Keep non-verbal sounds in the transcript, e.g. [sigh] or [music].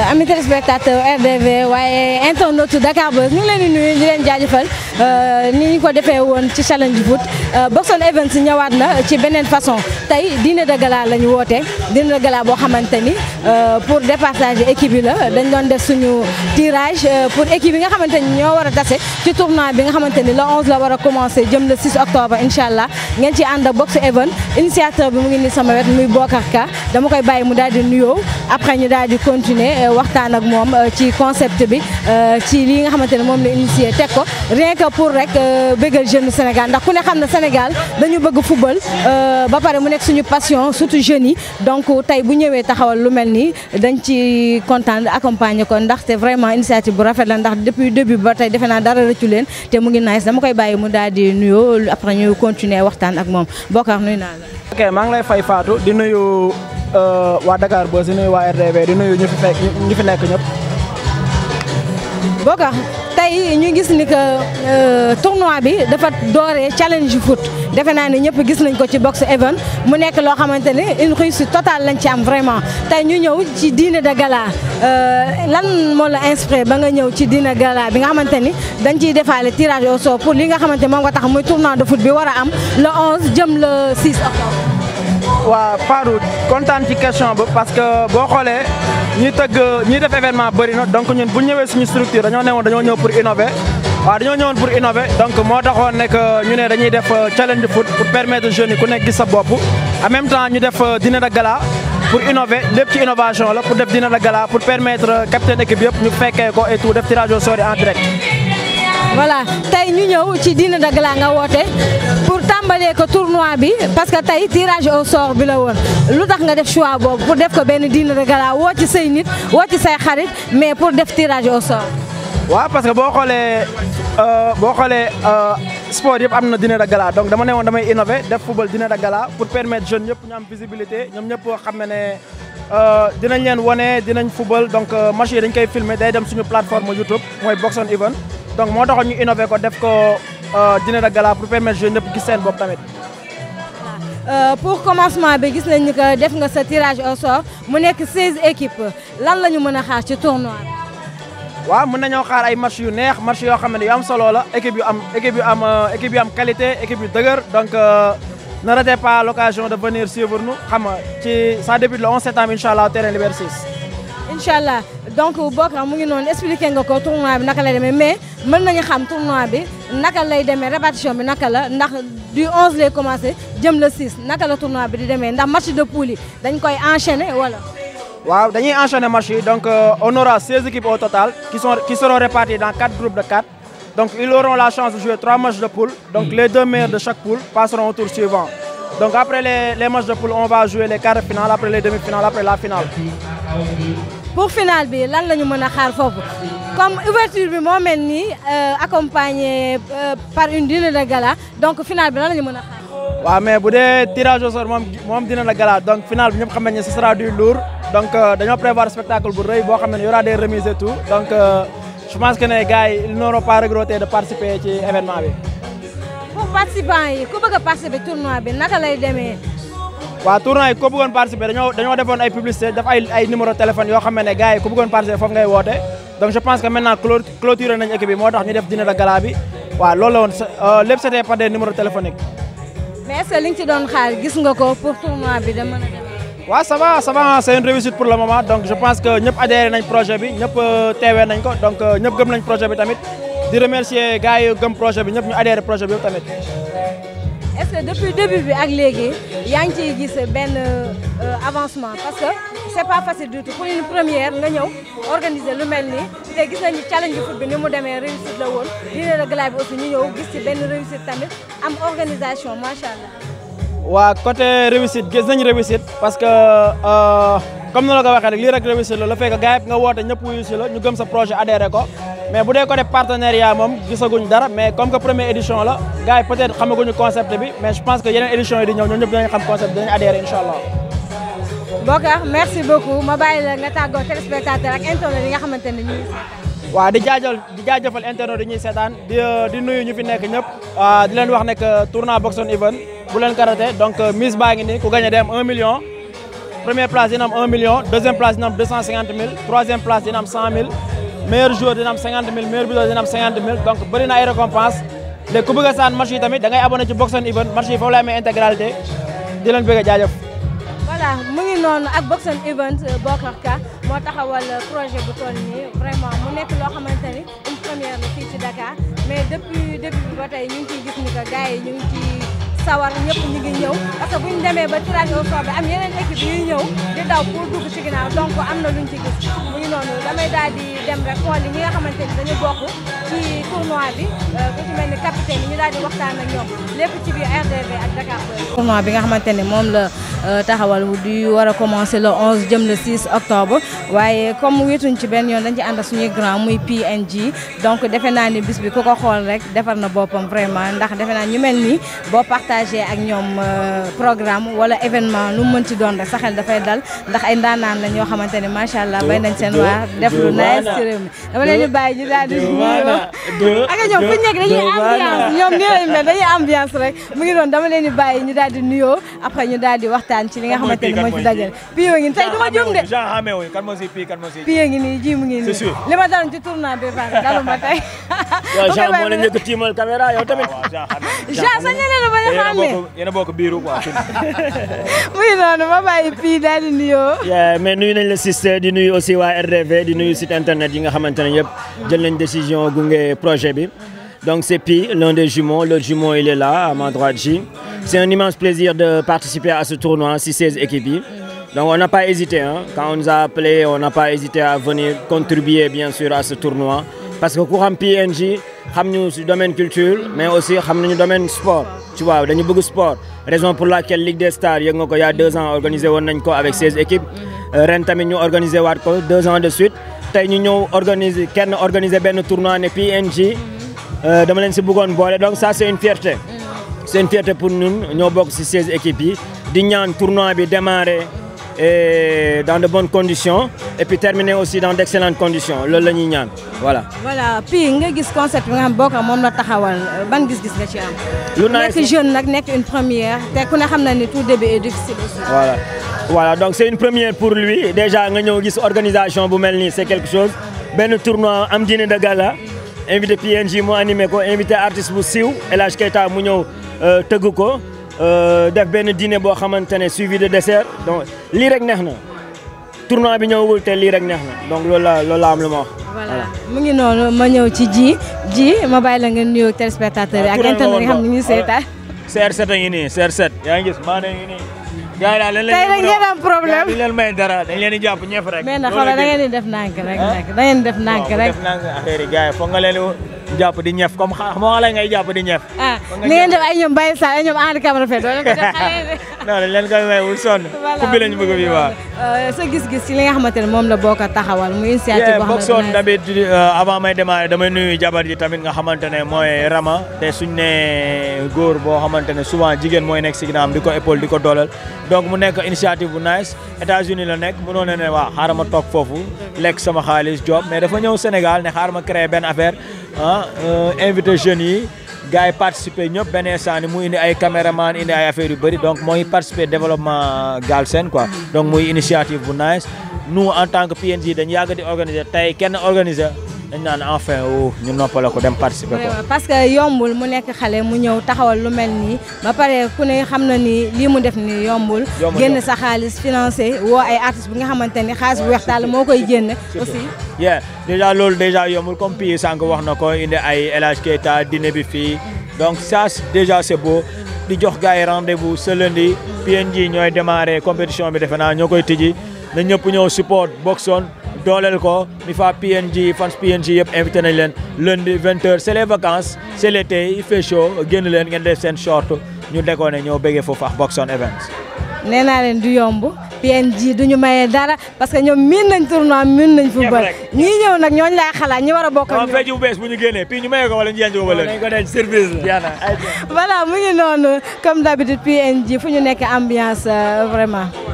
Euh, am téléspectateur RDV waaye internaute Dakar Buzz ñu ngi leen di nuyu di leen jaajëfal euh, ni ñu ko defee woon ci challenge foot euh, Boxon Events ñawaat na ci beneen façon tey dîner de gala la ñu woote dîner de boo xamante ni pour départager équipe yi la dañ doon def suñu tirage pour équipe yi nga xamante ni ñoo war a tase ci tournoi bi nga xamante ni le 11 la war a commencé jëm le 6 octobre incha allah ngeen ci ànd Boxon Events initiateur bi mu ngi ni sama wet muy Bokar Ka dama koy bàyyi mu daal di nuyoo après ñu daal di continuer waxtaan ak moom euh, ci concept bi euh, ci lii nga xamante ne moom la initié teg ko rien que pour rek euh, bëggal jeune Sénégal ndax ku ne xam na Sénégal dañu bëgg football ba pare mu nekk suñu passion surtout jeunes yi donc tey bu ñëwee taxawal lu mel nii dañ ci kontaan accompagner ko ndaxte vraiment initiative bu rafet la ndax depuis début ba tey defe naa dara rëccu leen te mu ngi nice dama koy bàyyi mu daal di nuyoo après ñu continuer waxtaan ak moom Bokar nuyu naa la. Euh, waa Dakar Buzz di waa RTV di nuyu ñu fi fekk ñu fi nekk ñëpp. tey ñu gis ni que euh, tournoi bi dafa dooree challenge foot defe naa ne ñëpp gis nañ ko ci box event mu nekk loo xamante ne une réussite totale lañ ci am vraiment tey ñu ñëw ci diine de gala euh, lan moo la inspiré ba nga ñëw ci dîner gala bi nga xamante ni dañ ciy defaale tirage au sort pour li nga xamante moom nga tax muy tournoi de foot bi war a am le 11 jëm la 6 octobre. waa Fadou kontaan ci question ba parce que boo xoolee ñuy tëgg ñuy def événement bëri na donc ñun bu ñëwee suñu structure dañoo newoon dañoo ñëw pour innover waaw dañoo ñëwoon pour innover donc moo taxoon nekk ñu ne dañuy def euh, challenge foot pour permettre jeunes ku nekk gis sa bopp en même temps ñu def euh, dina de gala pour innover lépp ci innovation la pour def dîner de gala pour permettre euh, capitaine équipe yëpp ñu fekkee ko et def tirage au sort en direct voilà tey ñu ñëw ci Dina Dëgg Laa nga woote pour tàmbalee ko tournoi bi parce que tey tirage au sort bi la woon lu tax nga def choix boobu pour def ko benn Dina Dëgg Laa woo ci say nit woo ci say xarit mais pour def tirage au sort. waaw parce que boo xoolee euh, boo xoolee euh, sport yëpp am na dîner de gala donc dama ne woon damay innover def football dîner de gala pour permettre jeunes yëpp ñu am visibilité ñoom ñëpp xam ne ne euh, dinañ leen wone dinañ football donc match dañ koy filmer day dem suñu plateforme YouTube mooy Box on donc moo taxoon ñu innové ko def ko euh, dina de gala pour permettre jeunes ñëpp gis seen bopp tamit. Ah, euh, pour commencement bi gis nañu que def nga sa tirage au sort mu nekk 16 équipes lan la ñu mën a xaar ci tournoi bi. waaw mën nañoo xaar ay match yu neex match yoo xam ne yu am solo la équipe yu am équipe yu am euh, équipe yu am qualité équipe yu dëgër donc ne ratez pas l'occasion de venir suivre nous xam nga ci ça débute le 11 septembre incha incha allah donc Bokar mu ngi noonu expliqué nga ko tournoi bi naka lay demee mais mën nañu xam tournoi bi naka lay demee répartition bi naka la ndax du 11 lay commencé jëm le 6 naka la tournoi bi di demee ndax match de poule yi dañ koy enchaîner wala. waaw dañuy enchaîner match yi donc euh, on aura 16 équipes au total qui sont qui seront réparties dans 4 groupes de 4. Donc ils auront la chance de jouer trois matchs de poule. Donc hmm. les deux meilleurs de chaque poule passeront au tour pour finale bi lan la ñu mën a xaar foofu comme ouverture bi moo mel nii euh, accompagné euh, par une dîner de gala donc finale bi lan la ñu mën a xaar. waaw mais bu dee tirage au sort moom moom dîner de gala donc finale bi ñëpp xam nañ ne ce sera du lourd donc euh, dañoo prévoir spectacle bu rëy boo xam ne y aura des remises et tout donc je pense que ne gars yi ils n'auront pas regretté de participer ci événement bi. pour participants yi ku bëgg a tournoi bi naka lay demee. waa tournoi yi ko bëggoon participer dañoo dañoo defoon ay publicité def ay ay numéro téléphone yoo xam ne gars yi ku bëggoon participer foofu ngay woote donc je pense que maintenant clôturé nañ équipe bi moo tax ñu def dîner de gala bi waaw loolu woon euh, lépp c'était par des numéros téléphoniques. mais est nga ci doon xaar gis nga ko pour tournoi bi dama la demee. waaw ça va ça réussite pour le moment donc je pense que ñëpp adhéré nañ projet bi ñëpp euh, teewee nañ ko donc euh, ñëpp gëm tamit di remercier gars yi gëm projet bi ñëpp projet est-ce que depuis début bi ak léegi yaa ngi ciy gis benn euh, avancement parce que c'est pas facile du tout pour une première nga ñëw organiser lu mel nii te gis nañu challenge foot ni mu demee réussite la woon dîner de bi aussi ñu ñëw gis ci benn réussite tamit am organisation macha waa côté réussite gis nañu réussite parce que euh, comme ni la ko waxee rek lii rek réussite la la fekk gars yëpp nga woote ñu gëm sa projet adhéré ko. mais bu dee côté partenariat moom gisaguñ dara mais comme que première édition la gars yi peut-être xamaguñu concept bi mais je pense que yeneen édition yi di ñëw ñoom ñëpp dinañ xam concept dinañ adhéré incha allah. Bokar merci beaucoup ma bàyyi la nga tàggoo téléspectateur ak internet yi nga xamante ne di jaajal di jaajëfal internet yi ñuy seetaan di euh, di nuyu ñu fi nekk ñëpp euh, di leen wax nekk tournoi boxon event bu leen ko donc euh, mise baa ngi nii ku gagné dem 1 million. première place dina am 1 meilleur joueur dina am 50 000 meilleur buteur dina am 50 000 donc bëri na ay récompense léegi ku bëgg a saan match yi tamit da ngay abonné ci Box and Even match yi di leen bëgg a jaajëf. voilà mu ngi noonu ak Box and Even euh, Ka moo taxawal euh, projet bu toll vraiment mu nekk loo xamante ni première la fii ci Dakar mais depuis début bi ba ñu ngi gis ni que gars ñu ngi ciy. sawar ñëpp ñu ngi ñëw di daw pour dugg ci donc am na luñ ci gis mu ngi noonu damay daal dem rek xool ñi nga xamante dañu bokk ci tournoi bi euh, ku ci ni capitaine ñu daal waxtaan ak ñoom lépp ci biir RDV ak Dakar Buzz. tournoi bi nga xamante ne moom la euh, taxawal di war a commencer le 11 jëm le 6 octobre waaye comme wéetuñ ci benn yoon dañ ci ànd suñuy grand muy PNG donc defe naa ni bis bi ku ko xool rek defar na boppam vraiment ndax defe naa ñu mel partagé ak ñoom euh, programme wala événement lu mu mënti doon rek sa xel dafay dal ndax ay ndaanaan la ñoo xamante ne macha allah bay nañ seen waar def lu nice ci réew mi dama leen di bàyyi ñu daal di nuyoo ak ñoom mu ngi doon dama leen di bàyyi ñu daal di nuyoo après ñu daal di waxtaan ci li nga xamante ne moo ci dajale piyo ngi tey du ma juum de piyo ngi nii ji mu ngi nii li ma daloon ci tournoi bi fan daluma tey [laughs] Jean [laughs] moo la njëkk tiimal caméra yow [laughs] sànnee yéen a bokk biiru quoi. [laughs] muy noonu ma bàyyi fii daal di nuyoo. mais nuyu nañ la sister di nuyu aussi waa RDV di nuyu site internet yi nga xamante ne yëpp jël nañ décision gunge projet bi. donc c'est Pi l'un des jumeaux l'autre jumeau il est là à ma droite ji. c'est un immense plaisir de participer à ce tournoi si 16 équipes yi. donc on n'a pas hésité quand on nous a appelé on n'a pas hésité à venir contribuer bien sûr à ce tournoi parce que ku xam xam ñu si domaine culture mais aussi xam nañu domaine sport tu vois dañu bëgg sport raison pour laquelle Ligue des Stars yëg nga ko y a deux ans organisé woon nañ ko avec seize équipes euh, ren tamit ñu organisé waat ko deux ans de suite tey ñu ñëw organiser kenn organiser benn tournoi ne PNG euh, dama leen si bëggoon boole donc ça c' est une fierté c' est une fierté pour ñun ñoo bokk si seize équipes yi di ñaan tournoi bi démarrer et dans de bonnes conditions et puis aussi dans d'excellentes condition loolu la ñuy ñaan voilà. voilà puis nga gis concept bi nga xam Bocar moom la taxawal ban gis-gis nga ci am. lu nekk jeune nag nekk une première te ku ne xam na ni tout début est difficile aussi. voilà voilà donc c'est une première pour lui déjà nga ñëw gis organisation bu mel nii c'est quelque chose benn tournoi am dîner de gala invité PNJ mu animé ko invité artiste bu siiw El Hadj mu ñëw euh, tëgg ko. Euh, def benn dîner boo xamante ne suivi de dessert donc lii rek neex na tournoi bi ñëwul te lii rek neex na donc loolu la loolu la am lu ma mu ngi noonu ma ñëw ci ji ji ma bàyyi la nga nuyoog téléspectateur yi ak internet nga xam ne ñu seetaan. CR7 a ngi nii CR7. yaa ngi gis maa ngi nii. gars yi daal dañ leen di am problème dañ leen may dara dañ leen di jàpp ñëpp rek. mais nag xoolal da ngeen di def nànk rek nag da ngeen di def nànk rek. def nànk affaire yi gars yi foog nga jàpp di ñeef comme xam nga jàpp di ñeef. ah ni ngeen def ay ñoom Baye Sall ay ñoom Henri Camara Faye doo leen ko def xale [laughs] euh, sa gis-gis ci li nga xamante moom la boo ko taxawal muy initiative boo xam euh, avant may démarrer damay nuyu jabar ji tamit nga xamante ne mooy Rama te suñ ne góor boo xamante ne souvent jigéen mooy nekk si ginnaawam di ko épaule di ko dooleel donc mu nekk initiative bu nice États-Unis la nekk mënoon na ne waa xaaral ma toog foofu lekk sama xaalis job mais dafa ñëw Sénégal ne xaaral ma créer benn affaire ah euh, invité jeunes yi gars yi participer ñëpp benn instant mu indi ay caméraman indi ay affaires yu bëri donc mooy participer développement seen quoi mm-hmm. donc muy initiative bu nice nu en tan que PNJ dañu yàgg di organiser tey kenn organiser dañ naan enfin o ñu noppale ko dem participer ko parce que yombul mu nekk xale mu ñëw taxawal lu mel nii ba pare ku ne xam na nii lii mu def nii yombul génn sa xaalis financé woo ay artistes bi nga xamante ni xaalis bu weex moo koy génn aussi yeah déjà loolu déjà yombul comme pii sànq wax na ko indi ay El Hadj Keita dîner bi fii donc ça déjà c'est di jox gars yi rendez-vous ce lundi PNJ ñooy démarrer compétition bi defe naa ñoo koy tijji na ñëpp ñëw support Boxon dooleel ko mi fa PNG fans PNG yëpp invité nañ leen lundi 20h c'est les vacances c'est l'été il def seen short ñu déggoo ñoo bëggee foofu ak Boxon Events. nee du yomb PNG du ñu dara parce que ñoom miin nañ tournoi miin nañ football ñii ñëw nag ñooñu laay xalaat ñi war a bu ñu génnee puis ñu maye ko wala ñu yenj ko wala dañ la voilà mu ngi noonu comme d'habitude PNG fu ñu nekk ambiance euh, vraiment